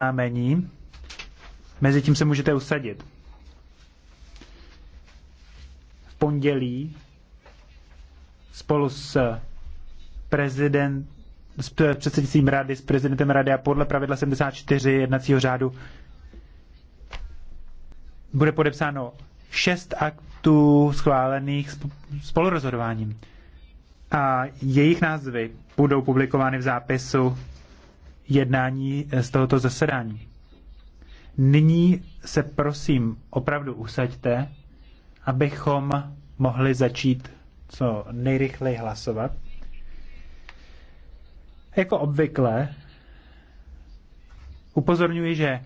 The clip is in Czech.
oznámení. Mezitím se můžete usadit. V pondělí spolu s prezident s předsednictvím rady, s prezidentem rady a podle pravidla 74 jednacího řádu bude podepsáno šest aktů schválených spolurozhodováním. A jejich názvy budou publikovány v zápisu jednání eh, z tohoto zasedání. Nyní se prosím opravdu usaďte, abychom mohli začít co nejrychleji hlasovat. Jako obvykle upozorňuji, že